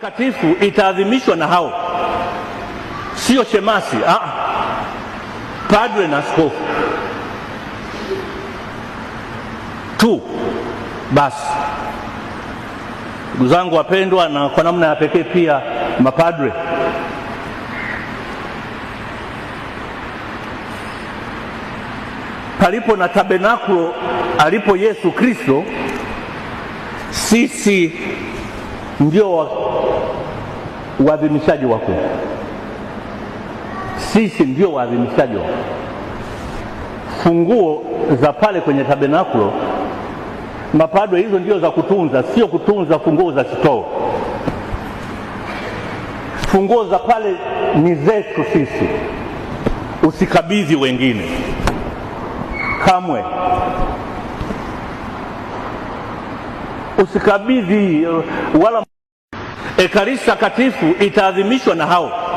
takatifu itaadhimishwa na hao, sio shemasi ah, padre na askofu tu basi. Ndugu zangu wapendwa, na kwa namna ya pekee pia mapadre palipo na tabernakulo alipo Yesu Kristo, sisi ndio waadhimishaji wakuu, sisi ndio waadhimishaji wa Funguo za pale kwenye tabernakulo mapadwe, hizo ndio za kutunza, sio kutunza funguo za sitoo Funguo za pale ni zetu sisi, usikabidhi wengine kamwe usikabidhi eh, wala Ekaristi takatifu itaadhimishwa na hao.